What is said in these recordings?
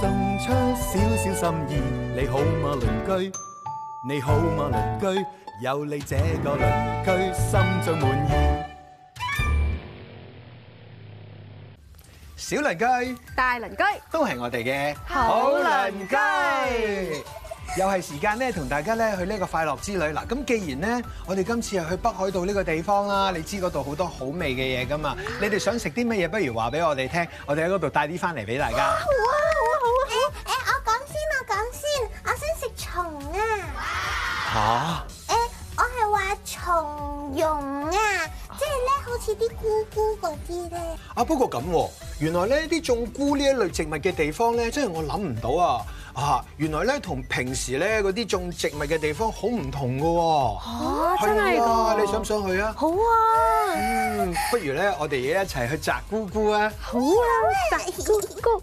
送出少少心意，你好嘛鄰居？你好嘛鄰居？有你這個鄰居，心中滿意。小鄰居、大鄰居都係我哋嘅好鄰居。又係時間咧，同大家咧去呢個快樂之旅啦。咁既然呢，我哋今次係去北海道呢個地方啦，你知嗰度好多好味嘅嘢噶嘛？你哋想食啲乜嘢？不如話俾我哋聽，我哋喺嗰度帶啲翻嚟俾大家。吓！誒，我係話松茸啊，即係咧好似啲菇菇嗰啲咧。啊，不過咁，原來咧啲種菇呢一類植物嘅地方咧，真係我諗唔到啊！啊，原來咧同平時咧嗰啲種植物嘅地方好唔同噶。啊，對真係！你想唔想去啊？好啊！嗯，不如咧，我哋一齊去摘菇菇啊！好啊，摘菇菇。Go, go.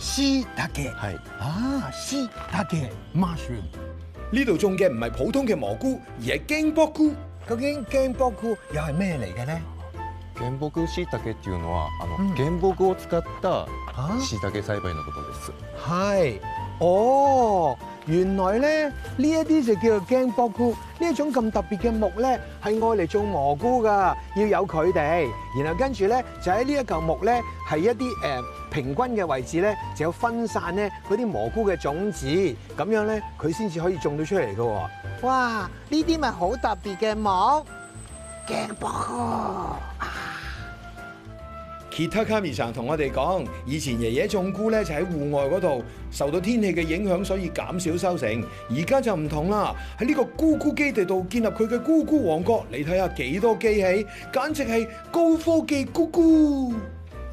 絲菌係啊，絲菌 mushroom。呢度種嘅唔係普通嘅蘑菇，而係菌孢菇。究竟菌孢菇又係咩嚟嘅咧？菌孢菇絲菌，哦，原來咧，呢一啲就叫做菌孢菇。呢一種咁特別嘅木咧係愛嚟種蘑菇㗎，要有佢哋。然後跟住咧就喺呢一嚿木咧係一啲誒。平均嘅位置咧就有分散咧嗰啲蘑菇嘅種子，咁樣咧佢先至可以種到出嚟嘅喎。哇！呢啲咪好特別嘅木鏡箔啊！Kitakami san 同我哋講，以前爺爺種菇咧就喺戶外嗰度受到天氣嘅影響，所以減少收成。而家就唔同啦，喺呢個菇菇基地度建立佢嘅菇菇王國。你睇下幾多機器，簡直係高科技菇菇。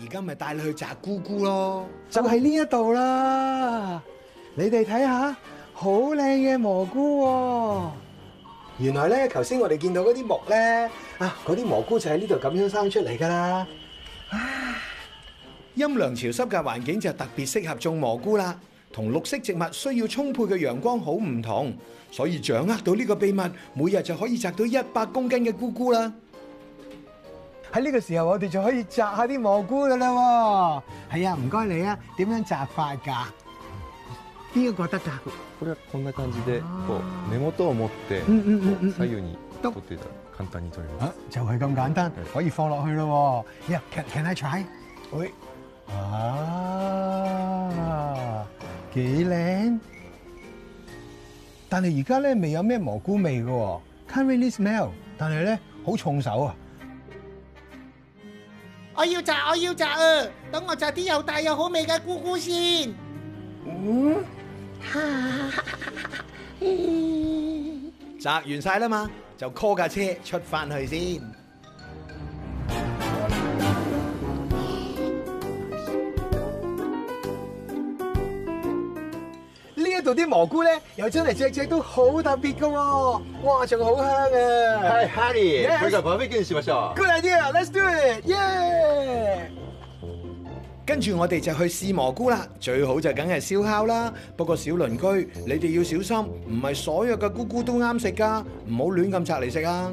而家咪帶你去摘菇菇咯，就係呢一度啦。你哋睇下，好靚嘅蘑菇喎。原來咧，頭先我哋見到嗰啲木咧，啊，嗰啲蘑菇就喺呢度咁樣生出嚟噶啦。啊，陰涼潮濕嘅環境就特別適合種蘑菇啦。同綠色植物需要充沛嘅陽光好唔同，所以掌握到呢個秘密，每日就可以摘到一百公斤嘅菇菇啦。喺、這、呢個時候，我哋就可以摘一下啲蘑菇噶啦喎。係啊，唔該你啊。點樣摘法㗎？邊一個得㗎？咁樣，咁樣，咁樣，咁樣。啊！嗯嗯嗯嗯。左右呢？就係、是、咁簡單，可以放落去咯、哦。一、yeah, can,，can I try？喂、哎，啊幾靚但係而家咧未有咩蘑菇味嘅喎、哦。Can really smell？但係咧好重手啊。我要摘，我要摘啊！等我摘啲又大又好味嘅菇菇先。嗯，摘 完晒啦嘛，就 call 架車出翻去先。啲蘑菇咧又真係隻隻都好特別嘅，哇仲好香啊！係 Harry，佢就 perfect 嘅試食咗。Good idea，Let's do it，Yeah！跟住我哋就去試蘑菇啦，最好就梗係燒烤啦。不過小鄰居，你哋要小心，唔係所有嘅菇菇都啱食噶，唔好亂咁拆嚟食啊！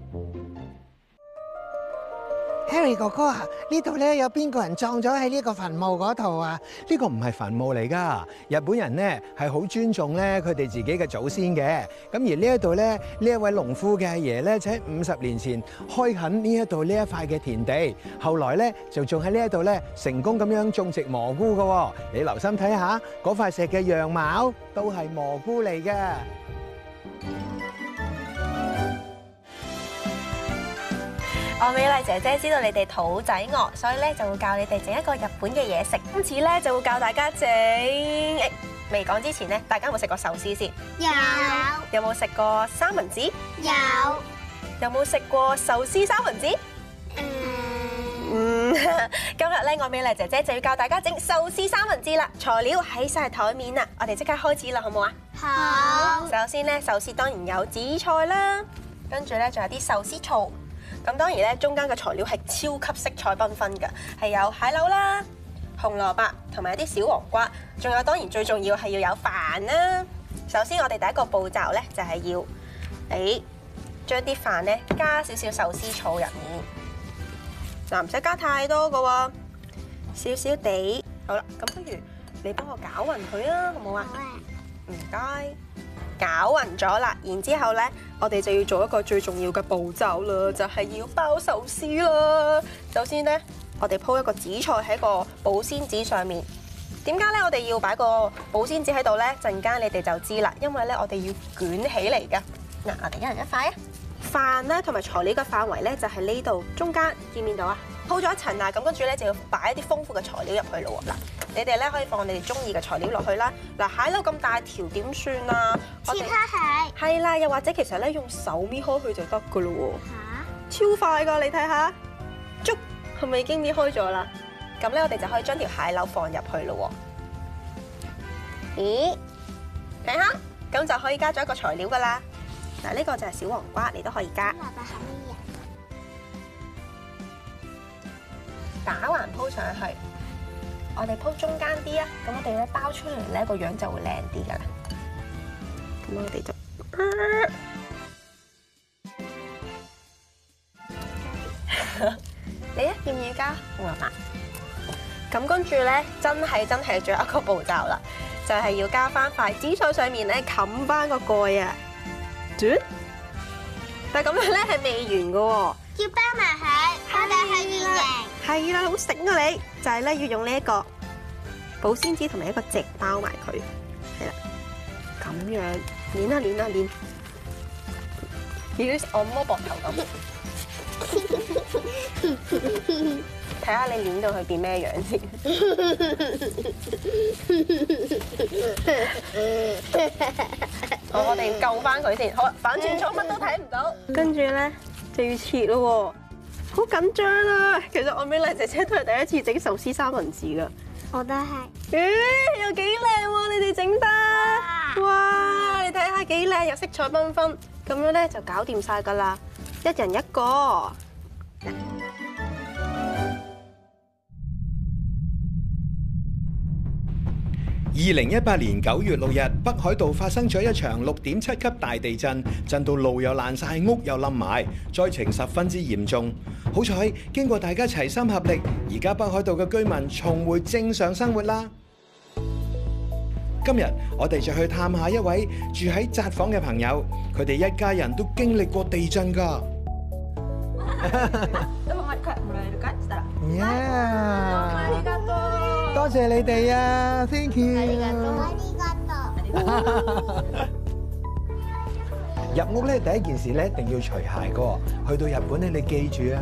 Harry 哥哥啊，呢度咧有邊個人葬咗喺呢個墳墓嗰度啊？呢個唔係墳墓嚟噶，日本人咧係好尊重咧佢哋自己嘅祖先嘅。咁而呢一度咧，呢一位農夫嘅阿爺咧，就喺五十年前開墾呢一度呢一塊嘅田地，後來咧就仲喺呢一度咧成功咁樣種植蘑菇噶。你留心睇下，嗰塊石嘅樣貌都係蘑菇嚟嘅。愛美麗姐姐知道你哋肚仔餓，所以咧就會教你哋整一個日本嘅嘢食，今次咧就會教大家整。未講之前咧，大家有冇食過壽司先？有。有冇食過三文治？有。有冇食過壽司三文治？嗯。嗯，今日咧，愛美麗姐姐就要教大家整壽司三文治啦。材料喺晒台面啦，我哋即刻開始啦，好唔好啊？好。首先咧，壽司當然有紫菜啦，跟住咧仲有啲壽司醋。咁當然咧，中間嘅材料係超級色彩繽紛嘅，係有蟹柳啦、紅蘿蔔同埋一啲小黃瓜，仲有當然最重要係要有飯啦。首先我哋第一個步驟咧就係要，誒，將啲飯咧加少少壽司醋入面，嗱，唔使加太多個，少少地。好啦，咁不如你幫我攪勻佢啊，好唔好啊？好啊。唔該。攪勻咗啦，然之後咧，我哋就要做一個最重要嘅步驟啦，就係要包壽司啦。首先咧，我哋鋪一個紫菜喺個保鮮紙上面。點解咧？我哋要擺個保鮮紙喺度咧？陣間你哋就知啦。因為咧，我哋要捲起嚟噶。嗱，我哋一人一塊啊！飯呢，同埋材料嘅範圍咧就係呢度中間，見唔見到啊？鋪咗一層啦，咁跟住咧就要擺一啲豐富嘅材料入去咯喎。嗱，你哋咧可以放你哋中意嘅材料落去啦。嗱，蟹柳咁大條點算啊？其他蟹？係啦，又或者其實咧用手搣開佢就得噶咯喎。吓？超快噶，你睇下，捉係咪已經搣開咗啦？咁咧我哋就可以將條蟹柳放入去咯。咦？睇下，咁就可以加咗一個材料噶啦。嗱，呢個就係小黃瓜，你都可以加。蘿蔔係乜嘢？打完橫鋪上去，我哋鋪中間啲啊，咁我哋咧包出嚟咧個樣就會靚啲噶啦。咁我哋就你啊，要唔要加？唔落吧。咁跟住咧，真係真係最後一個步驟啦，就係要加翻塊紫菜上面咧冚翻個蓋啊。但係咁樣咧係未完噶喎，要包埋。係啦、就是，好醒啊你！就係咧，要用呢一個保鮮紙同埋一個直包埋佢，係啦，咁樣捻下捻下捻，咦，要按摩膊頭咁，睇下你捻到佢變咩樣先。我我哋救翻佢先，好反轉咗，乜都睇唔到。跟住咧就要切咯喎。好緊張啊！其實愛美麗姐姐都係第一次整壽司三文治㗎，我都係。咦？又幾靚喎！你哋整得。哇！你睇下幾靚，又色彩繽紛，咁樣咧就搞掂晒㗎啦！一人一個。二零一八年九月六日，北海道發生咗一場六點七級大地震，震到路又爛晒，屋又冧埋，災情十分之嚴重。好彩，經過大家齊心合力，而家北海道嘅居民重回正常生活啦。今日我哋就去探下一位住喺札幌嘅朋友，佢哋一家人都經歷過地震㗎。多謝你哋啊，Thank you。入屋咧，第一件事咧，一定要除鞋噶。去到日本咧，你記住啊。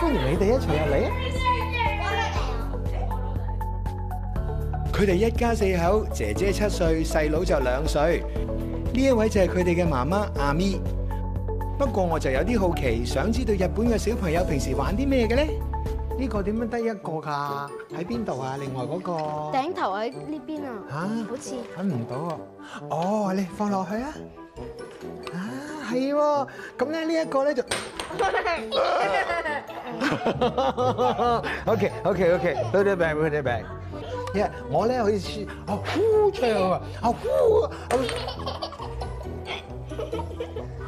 歡迎你哋一齊入嚟啊。佢哋一家四口，姐姐七歲，細佬就兩歲。呢一位就係佢哋嘅媽媽阿咪，不過我就有啲好奇，想知道日本嘅小朋友平時玩啲咩嘅咧？呢、呢個點樣得一個㗎？喺邊度啊？另外嗰、嗰個頂頭喺呢邊啊？嚇？好似睇唔到啊。哦，你放落去啊。啊，係喎。咁咧呢一個咧就。 OK OK OK，佢哋病，佢哋病。呀、 yeah，我咧好似。吹啊呼出去喎，啊呼。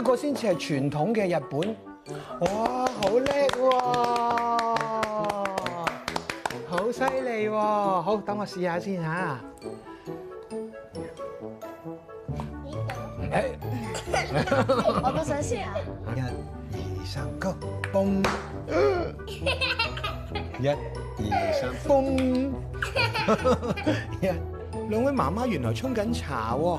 一、呢個先至係傳統嘅日本，哇，好叻喎，好犀利喎，好，等我試下先吓，我都想試啊。一、二、三，鞠躬。 一、二、三，躬。 一，兩位媽媽原來沖緊茶喎。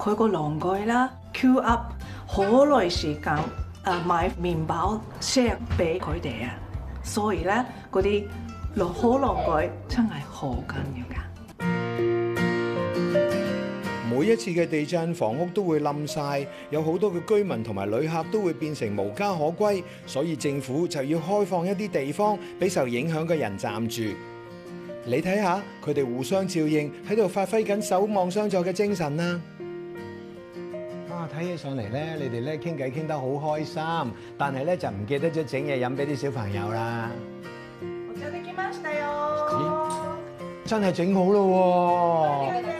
佢個狼鬼啦，queue up 好耐時間，誒買麵包 share 俾佢哋啊。所以咧，嗰啲狼可狼鬼真係緊要嘅。每一次嘅地震，房屋都會冧晒，有好多嘅居民同埋旅客都會變成無家可歸，所以政府就要開放一啲地方俾受影響嘅人暫住。你睇下佢哋互相照應喺度，發揮緊守望相助嘅精神啦。睇起上嚟咧，你哋咧傾偈傾得好開心，但係咧就唔記得咗整嘢飲俾啲小朋友啦。我哋準備緊啦，真係整好咯喎！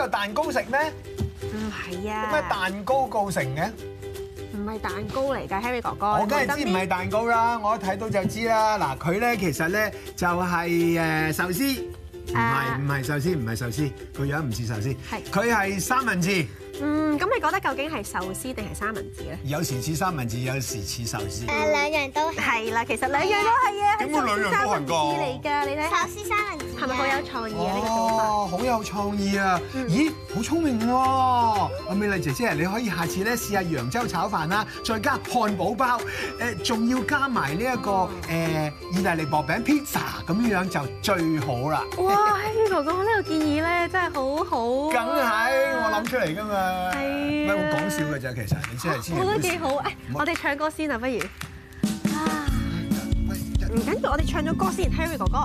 有蛋糕食咩？唔係啊！咩蛋糕告成嘅？唔係蛋糕嚟㗎，Harry 哥哥。我梗係知唔係蛋糕啦，我一睇到就知啦。嗱，佢咧其實咧就係誒壽司，唔係唔係壽司，唔係壽司，個樣唔似壽司。係，佢係三文治。嗯，咁你覺得究竟係壽司定係三文治咧？有時似三文治，有時似壽司。誒，兩樣都係。係啦，其實兩樣都係啊。點會兩樣都係？壽司三文治。係咪好有創意啊？呢、這個做法哦，好有創意啊！嗯、咦，好聰明喎、啊！愛美麗姐姐，你可以下次咧試下揚州炒飯啦，再加漢堡包，誒、呃，仲要加埋呢一個誒意、呃、大利薄餅 pizza，咁樣就最好啦！哇，Harry 哥,哥，個 呢個建議咧真係好好、啊。梗係我諗出嚟噶嘛，唔好講笑噶咋，其實你真係黐線。我都幾好，誒，我哋唱歌先啊，不如啊，唔緊要，我哋唱咗歌先，Harry 哥哥。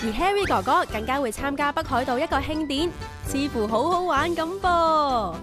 而 Harry 哥哥更加會參加北海道一個慶典，似乎好好玩咁噃。